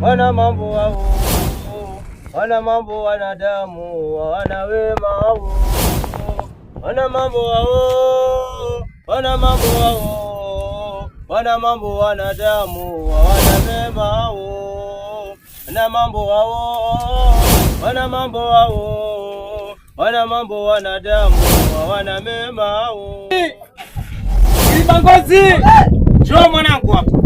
wana mambo wao, wana mambo wanadamu, wana wema wao, wana mambo wao, wana mambo wao, wana mambo wanadamu, wana wema wao, wana mambo wao, wana mambo wao, wana mambo wanadamu, wana mema wao. Kibangozi, njoo mwanangu hapa.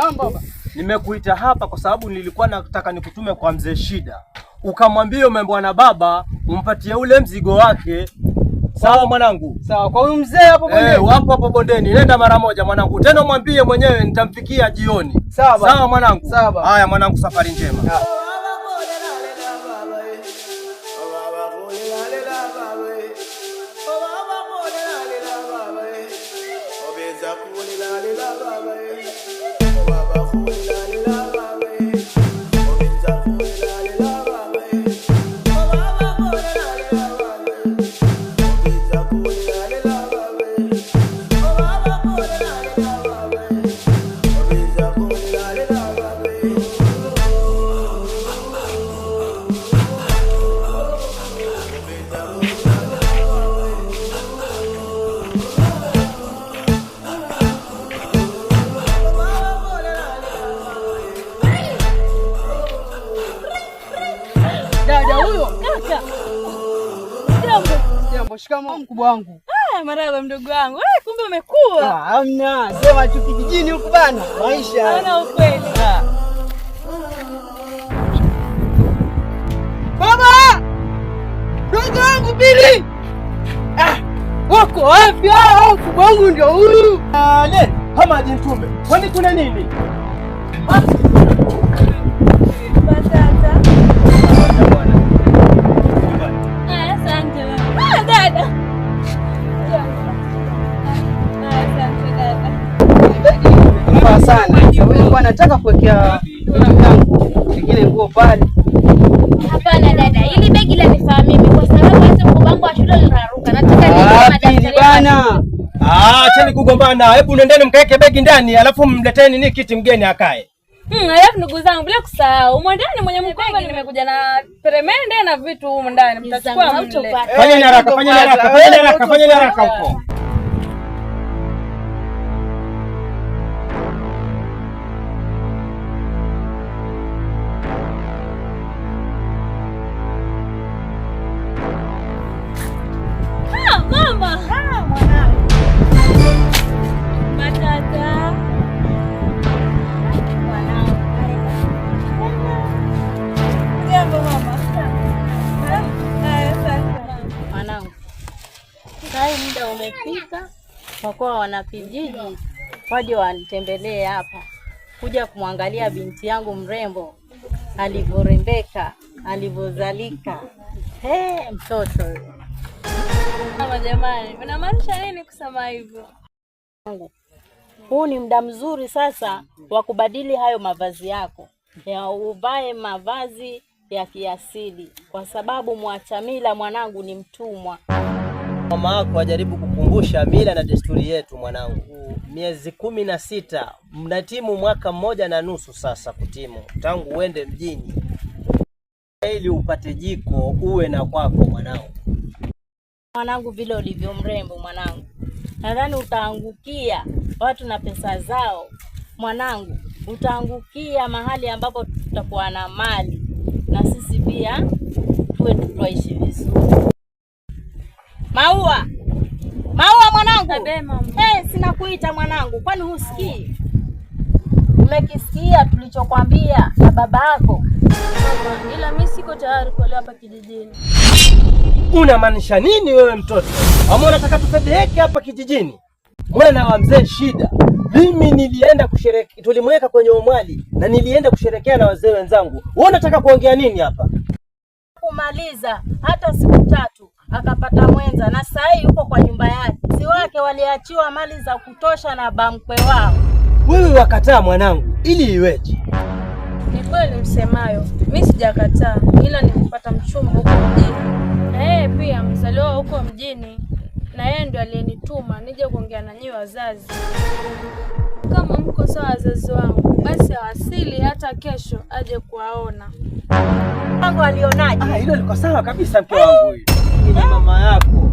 Naam baba. Nimekuita hapa kwa sababu nilikuwa nataka nikutume kwa mzee Shida, ukamwambia ume bwana baba umpatie ule mzigo wake. Sawa mwanangu. Sawa, kwa huyu mzee hapo bondeni. Eh, wapo hapo bondeni. Nenda mara moja mwanangu. Tena mwambie mwenyewe nitamfikia jioni. Sawa. Sawa mwanangu. Sawa. Haya mwanangu, safari njema. Love. Shikamoo mkubwa wangu. Ah, maraba mdogo wangu. Eh, kumbe umekua. hamna. Ah, Sema tu kijijini huku bana. Maisha. Hana ukweli. Ah. Baba! Mdogo wangu Bili. Ah, wako wapi hao? Mkubwa wangu ndio huyu. Ah, le, kama mtume. Kwani kuna nini? Baba. anataka kuwekea vitu vyangu vingine nguo pale. Hapana dada, ili begi la nifaa mimi kwa sababu hata mabango ya shule unaruka. Nataka ni nini bana? Ah, acheni kugombana. Hebu nendeni mkaeke begi ndani alafu mleteni ni kiti mgeni akae. Hmm, alafu ndugu zangu bila kusahau, umo ndani mwenye mkoba nimekuja na peremende na vitu huko ndani. Mtachukua mtu. Fanya haraka, fanya haraka, fanya haraka, fanya haraka huko. kwa kuwa wanakijiji waje wanitembelee hapa kuja kumwangalia binti yangu mrembo alivyorembeka, alivyozalika. Hey, mtoto mama, jamani, unamaanisha nini kusema hivyo? Huu ni muda mzuri sasa wa kubadili hayo mavazi yako, ya uvae mavazi ya kiasili, kwa sababu mwachamila mwanangu ni mtumwa. Mama wako ajaribu kukumbusha mila na desturi yetu. Mwanangu, miezi kumi na sita mnatimu, mwaka mmoja na nusu sasa kutimu, tangu uende mjini ili upate jiko uwe na kwako. Mwanangu, mwanangu, vile ulivyo mrembo mwanangu, nadhani utaangukia watu na pesa zao mwanangu, utaangukia mahali ambapo tutakuwa na mali na sisi pia tuwe tutwaishi vizuri. Maua, Maua mwanangu. Hey, eh, sina kuita mwanangu, kwani husikii? Umekisikia tulichokwambia na baba yako? Ila mimi siko tayari kuolewa hapa kijijini. Unamaanisha nini wewe mtoto? Ama unataka tufedheheke hapa kijijini? Mwana wa mzee shida. Mimi nilienda kusherehekea, tulimweka kwenye umwali na nilienda kusherekea na wazee wenzangu. Wewe unataka kuongea nini hapa? Kumaliza hata siku tatu akapata mwenza, na sasa yuko kwa nyumba yake. Si wake waliachiwa mali za kutosha na bamkwe wao. Wewe wakataa mwanangu, ili iweje? Ni kweli msemayo, mi sijakataa, ila nilipata mchumba huko mjini, na yeye pia mzaliwa huko mjini, na yeye ndio aliyenituma nije kuongea na nyinyi wazazi. Kama mko sawa wazazi wangu, basi awasili hata kesho aje kuwaona. Wangu alionaje? Ah, hilo liko sawa kabisa mke wangu huyu. Eh! lakini na ah. mama yako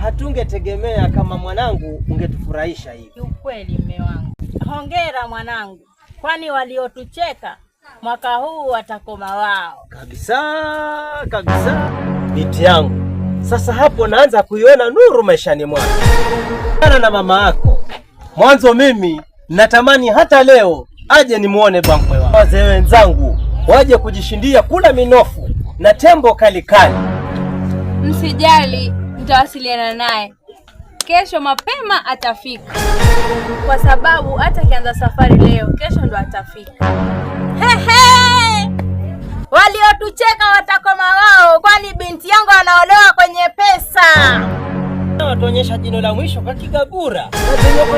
hatungetegemea kama mwanangu ungetufurahisha hivi. Ukweli mme wangu, hongera mwanangu, kwani waliotucheka mwaka huu watakoma wao kabisa kabisa. Binti yangu sasa hapo naanza kuiona nuru maishani mwangu ana na mama yako. Mwanzo mimi natamani hata leo aje nimuone bangwe wangu, wazee wenzangu waje kujishindia kula minofu na tembo kalikali kali. Msijali, nitawasiliana naye kesho mapema. Atafika kwa sababu hata akianza safari leo, kesho ndo atafika. Hehe, waliotucheka watakoma wao, kwani binti yangu anaolewa kwenye pesa. Wataonyesha jino la mwisho kwa kigabura.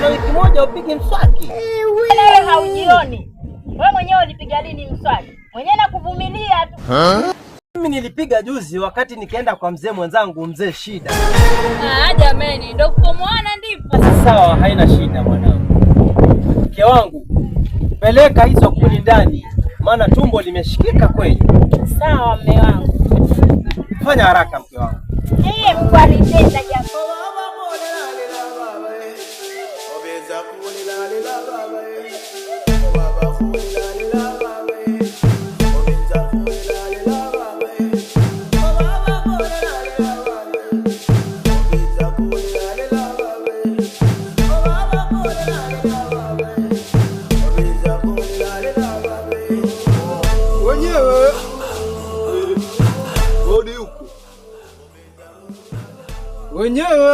na wiki moja upige mswaki. Haujioni wewe mwenyewe ulipiga lini mswaki? Mwenyewe nakuvumilia tu. Mimi nilipiga juzi wakati nikaenda kwa mzee mwenzangu mzee Shida. Ah, jameni, ndio kupomwana ndipo. Sawa, haina shida mwanangu. Mke wangu, peleka hizo kuni ndani, maana tumbo limeshikika kweli. Sawa, mme wangu. Fanya haraka mke wangu. Yeye mkwaliteta jambo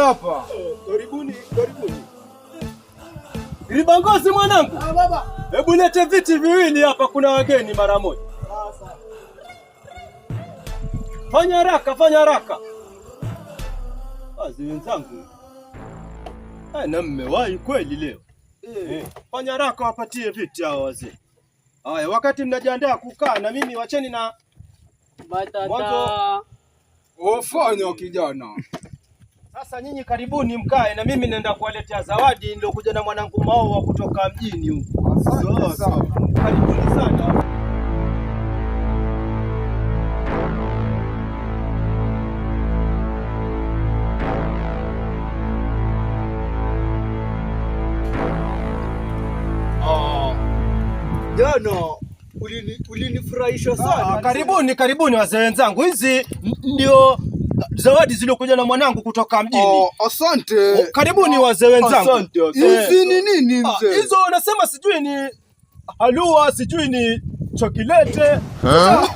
hapa. Karibuni, karibuni. Ribangozi mwanangu. Ah, baba. Hebu lete viti viwili hapa, kuna wageni mara moja. Ah, fanya haraka, fanya haraka. Kazi wenzangu. Eh, na mmewahi kweli leo. Eh, eh fanya haraka wapatie viti hao wazee. Haya, wakati mnajiandaa kukaa na mimi wacheni na batata. Mwanzo. Ofanya kijana. Sasa nyinyi karibuni mkae na mimi naenda kuwaletea zawadi niliokuja na mwanangu Mao wa kutoka mjini huko. Karibuni sana. Ah. Jono, ulinifurahisha ah, sana. Karibuni, karibuni wazee wenzangu, hizi ndio zawadi ziliokuja na mwanangu kutoka mjini. Oh, asante. Oh, karibuni ah, wazee wenzangu. Eh, hizi ni nini ah, mzee? Hizo nasema sijui ni halua, sijui ni chokilete ah,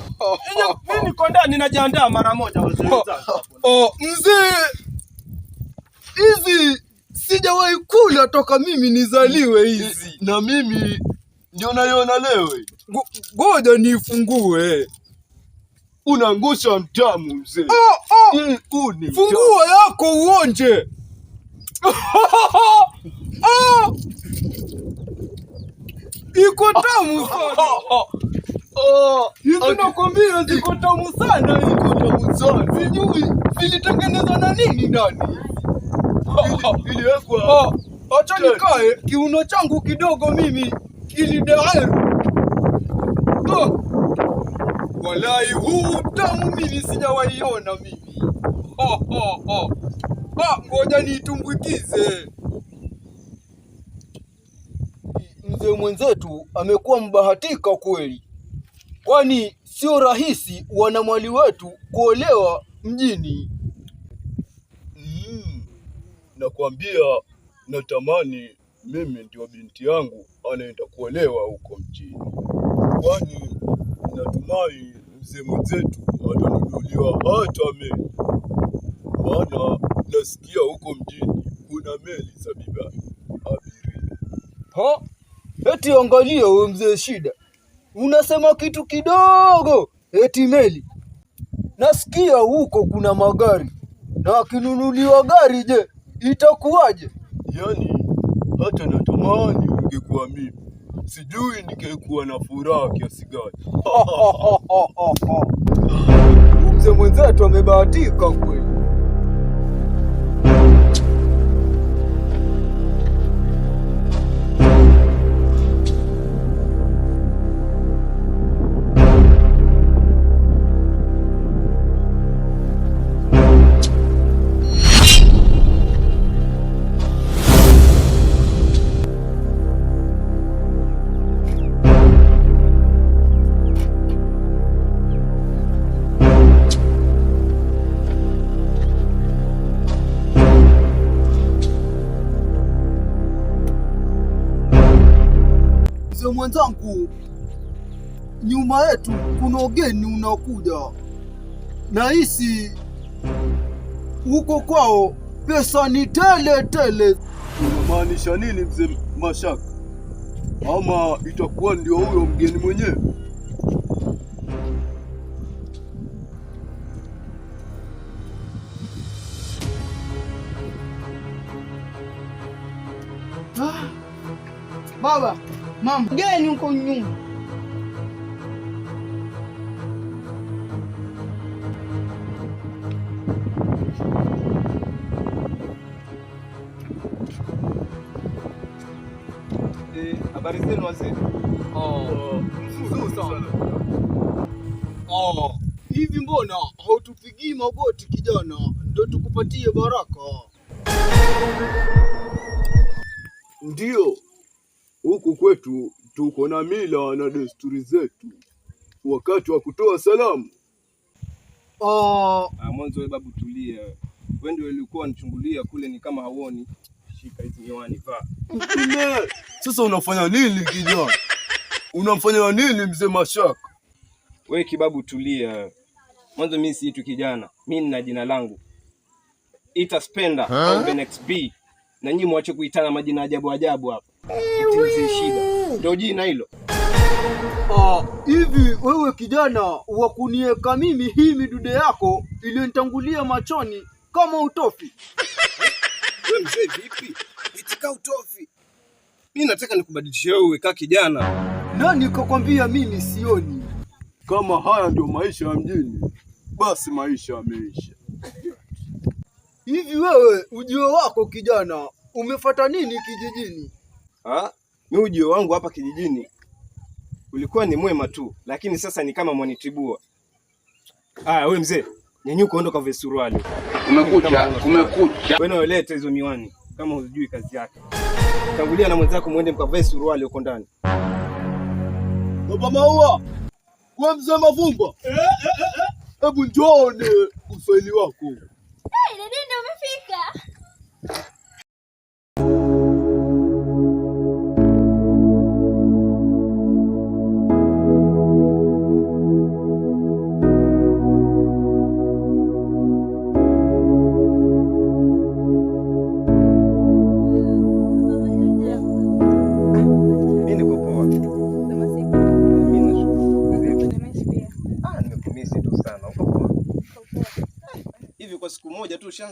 Mimi niko ndani najiandaa mara moja wazee oh, wenzangu. Oh, mzee. Hizi sijawahi kula toka mimi nizaliwe hizi. Mm. Na mimi ndio naiona leo. Ngoja nifungue unangusha mtamu mzee. Oh, oh. Mm, uni funguo yako uonje. oh. Iko tamu oh, sana. Oh, oh. oh hizo nakwambia ziko tamu sana, iko tamu sana. Sijui zilitengenezwa na nini ndani. Iliwekwa. Acha nikae kiuno changu kidogo mimi kilidaeru. Oh. Walai, huu tamu mimi sijawaiona mimi. Ho, ho, ho. Ha, ngoja niitumbukize. Mzee mwenzetu amekuwa mbahatika kweli, kwani sio rahisi wanamwali wetu kuolewa mjini. Mm, nakwambia natamani mimi ndio binti yangu anaenda kuolewa huko mjini, kwani Natumai mzee mwenzetu atanunuliwa hata meli, maana nasikia huko mjini kuna meli za beba abiria. Ha, eti angalia we mzee Shida, unasema kitu kidogo eti meli. Nasikia huko kuna magari, na akinunuliwa gari, je, itakuwaje? yani hata natamani ungekuwa mimi sijui nikekuwa na furaha kiasi gani. Mzee mwenzetu amebahatika kweli. mwenzangu, nyuma yetu kuna ugeni unakuja, nahisi huko kwao pesa ni tele tele. Unamaanisha nini mzee Mashaka? Ama itakuwa ndio huyo mgeni mwenyewe? Ah, baba Mama, ni uko nyuma? Eh, habari zenu wazee. Oh, Oh, hivi mbona hautupigii magoti kijana, ndio tukupatie baraka? Ndio. Huku kwetu tuko na mila na desturi zetu wakati wa kutoa salamu. Oh. Ah, mwanzo wewe babu, tulia. Wewe ndio ulikuwa unachungulia kule, ni kama hauoni. Shika hizi miwani pa. Sasa unafanya nini kijana? Unamfanya nini mzee Mashaka? Wewe kibabu, tulia. Mwanzo mimi siitu kijana, mimi nina jina langu ita Spenda au Benex B, na nyinyi mwache kuitana majina ajabu ajabu hapa shida, ndio jina hilo. Ah, hivi wewe kijana wa mimi hii midude yako iliyonitangulia machoni kama utofi mzee? Vipi itika utofi? Mi nataka nikubadilishie wewe, kaa kijana. Nani kakwambia mimi sioni? Kama haya ndio maisha ya mjini, basi maisha yameisha. Hivi wewe ujio wako kijana umefata nini kijijini ha? Ah, mimi ujio wangu hapa kijijini ulikuwa ni mwema tu, lakini sasa ni kama mwanitibua. Aya, wewe mzee, nyanyuka ondoka vile suruali. Kumekucha, kumekucha. Wewe unaoleta hizo miwani kama hujui kazi yake. Tangulia na mwenzako muende mkavae suruali huko ndani. Baba Maua, wewe mzee Mavumba. Eh, eh, eh, Hebu njoone usaili wako. Hey,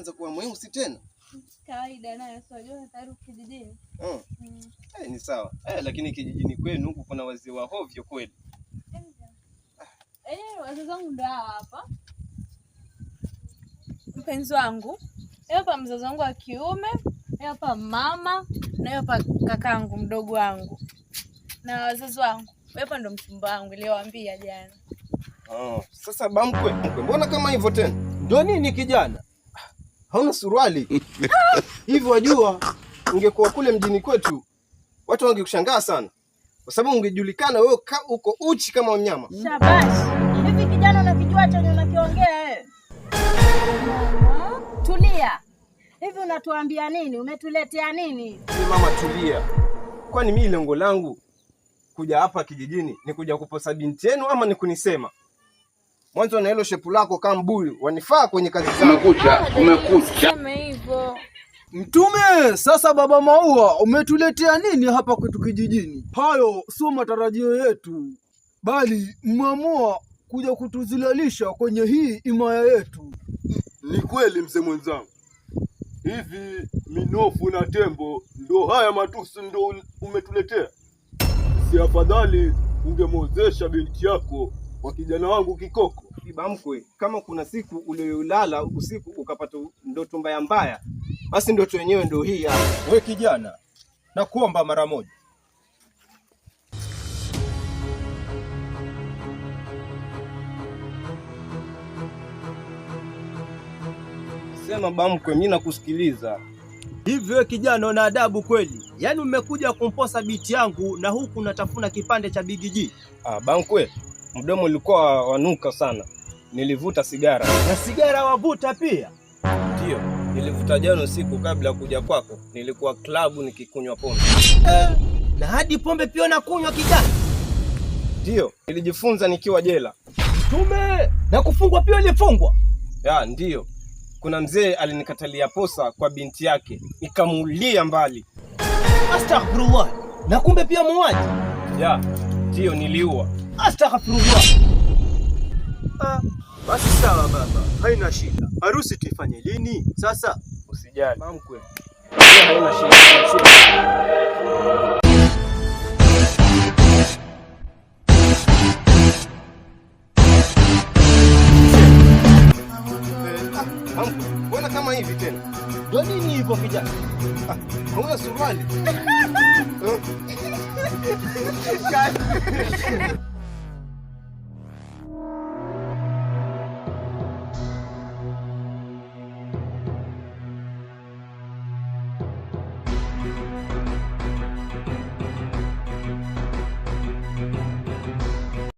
ikaanza kuwa muhimu, si tena kawaida nayo kijijini. Mm. Mm. Hey, hmm. eh, ni sawa hey, eh, lakini kijijini kwenu huku kuna wazee wa hovyo kweli. Eh, wazee wangu ndo hapa, mpenzi wangu hapa, mzazi wangu wa kiume hapa, mama na hapa, kakangu mdogo wangu na wazazi wangu hapa, ndo mchumba wangu niliwaambia jana. Oh, sasa bamkwe, mbona kama hivyo tena? Ndio nini kijana hauna suruali hivi. Wajua, ungekuwa kule mjini kwetu watu wangekushangaa sana, kwa sababu ungejulikana wewe uko uchi kama mnyama. Shabash, hivi kijana, unakijua chenye unakiongea wewe? Hmm? Tulia, hivi unatuambia nini? Umetuletea nini? Mama tulia, kwani mimi lengo langu kuja hapa kijijini ni kuja kuposa binti yenu ama ni kunisema mwanzo na hilo shepu lako kama mbuyu wanifaa kwenye kazi zangu. Umekucha, umekucha. hivyo. Mtume, sasa baba Maua, umetuletea nini hapa kwetu kijijini? Hayo sio matarajio yetu, bali mmeamua kuja kutuzilalisha kwenye hii imaya yetu. Ni kweli mzee mwenzangu, hivi minofu na tembo ndo haya matusi ndo umetuletea? Si afadhali ungemwozesha binti yako kwa kijana wangu Kikoko? Biba mkwe, kama kuna siku uliolala usiku ukapata ndoto mbaya mbaya, basi ndoto yenyewe ndio hii hapa. We kijana, nakuomba mara moja sema. bamkwe mkwe, mimi nakusikiliza. Hivyo we kijana, una adabu kweli? Yaani umekuja kumposa biti yangu na huku unatafuna kipande cha bigiji. Ah, bamkwe mdomo ulikuwa wanuka sana. Nilivuta sigara na sigara wavuta pia. Ndio, nilivuta jana usiku kabla ya kuja kwako, nilikuwa klabu nikikunywa pombe eh, na hadi pombe pia nakunywa kijana. Ndio, nilijifunza nikiwa jela. Mtume na kufungwa pia ulifungwa? Ya, ndio. Kuna mzee alinikatalia posa kwa binti yake, nikamulia mbali. Astaghfirullah. Na kumbe pia muuaji? Ya, ndio niliua. Astaghfirullah. Ah, basi sawa baba, haina shida. Harusi tuifanye lini? Sasa usijali. Mkwe. Haina shida. kama hivi tena? Ndio ah, suruali? Eh?